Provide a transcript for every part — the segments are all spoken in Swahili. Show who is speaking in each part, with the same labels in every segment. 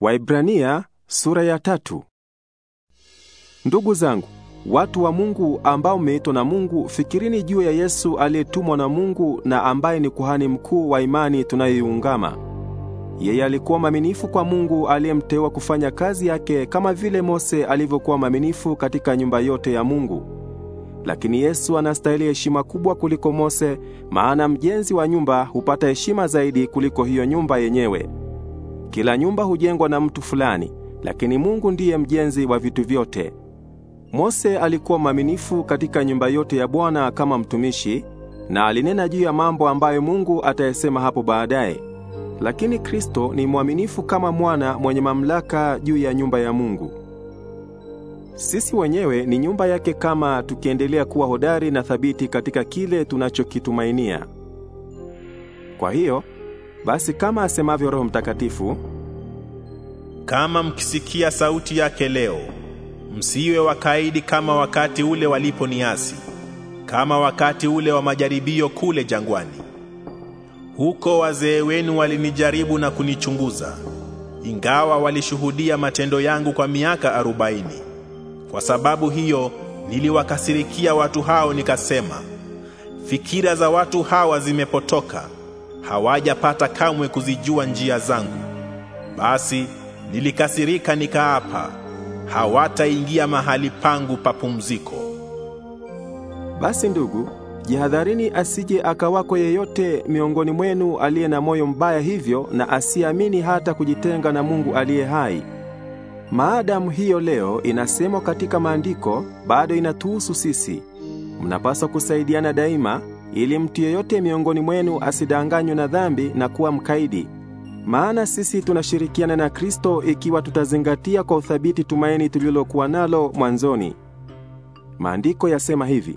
Speaker 1: Waibrania sura ya tatu. Ndugu zangu, watu wa Mungu ambao mmeitwa na Mungu, fikirini juu ya Yesu aliyetumwa na Mungu na ambaye ni kuhani mkuu wa imani tunayoiungama. Yeye alikuwa mwaminifu kwa Mungu aliyemteua kufanya kazi yake kama vile Mose alivyokuwa mwaminifu katika nyumba yote ya Mungu. Lakini Yesu anastahili heshima kubwa kuliko Mose, maana mjenzi wa nyumba hupata heshima zaidi kuliko hiyo nyumba yenyewe. Kila nyumba hujengwa na mtu fulani, lakini Mungu ndiye mjenzi wa vitu vyote. Mose alikuwa mwaminifu katika nyumba yote ya Bwana kama mtumishi, na alinena juu ya mambo ambayo Mungu atayasema hapo baadaye. Lakini Kristo ni mwaminifu kama mwana mwenye mamlaka juu ya nyumba ya Mungu. Sisi wenyewe ni nyumba yake kama tukiendelea kuwa hodari na thabiti katika kile tunachokitumainia.
Speaker 2: Kwa hiyo basi kama asemavyo Roho Mtakatifu, kama mkisikia sauti yake leo, msiwe wakaidi kama wakati ule waliponiasi, kama wakati ule wa majaribio kule jangwani. Huko wazee wenu walinijaribu na kunichunguza, ingawa walishuhudia matendo yangu kwa miaka arobaini. Kwa sababu hiyo niliwakasirikia watu hao, nikasema, fikira za watu hawa zimepotoka hawajapata kamwe kuzijua njia zangu. Basi nilikasirika nikaapa, hawataingia mahali pangu pa pumziko.
Speaker 1: Basi ndugu, jihadharini asije akawako yeyote miongoni mwenu aliye na moyo mbaya hivyo na asiamini hata kujitenga na Mungu aliye hai. Maadamu hiyo leo inasemwa katika maandiko, bado inatuhusu sisi. Mnapaswa kusaidiana daima ili mtu yeyote miongoni mwenu asidanganywe na dhambi na kuwa mkaidi. Maana sisi tunashirikiana na Kristo ikiwa tutazingatia kwa uthabiti tumaini tulilokuwa nalo mwanzoni. Maandiko yasema hivi: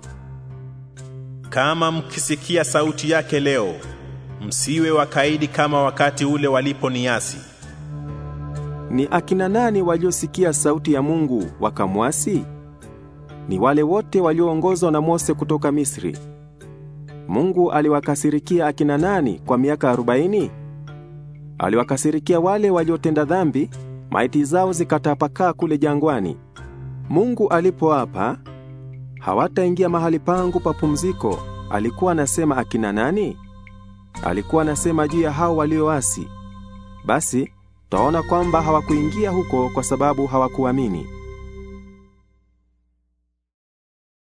Speaker 2: kama mkisikia sauti yake leo, msiwe wakaidi kama wakati ule waliponiasi. Ni akina nani waliosikia sauti ya Mungu wakamwasi?
Speaker 1: Ni wale wote walioongozwa na Mose kutoka Misri. Mungu aliwakasirikia akina nani kwa miaka arobaini? Aliwakasirikia wale waliotenda dhambi, maiti zao zikatapakaa kule jangwani. Mungu alipoapa hawataingia mahali pangu pa pumziko, alikuwa anasema akina nani? Alikuwa anasema juu ya hao walioasi. Basi twaona kwamba hawakuingia huko kwa sababu hawakuamini.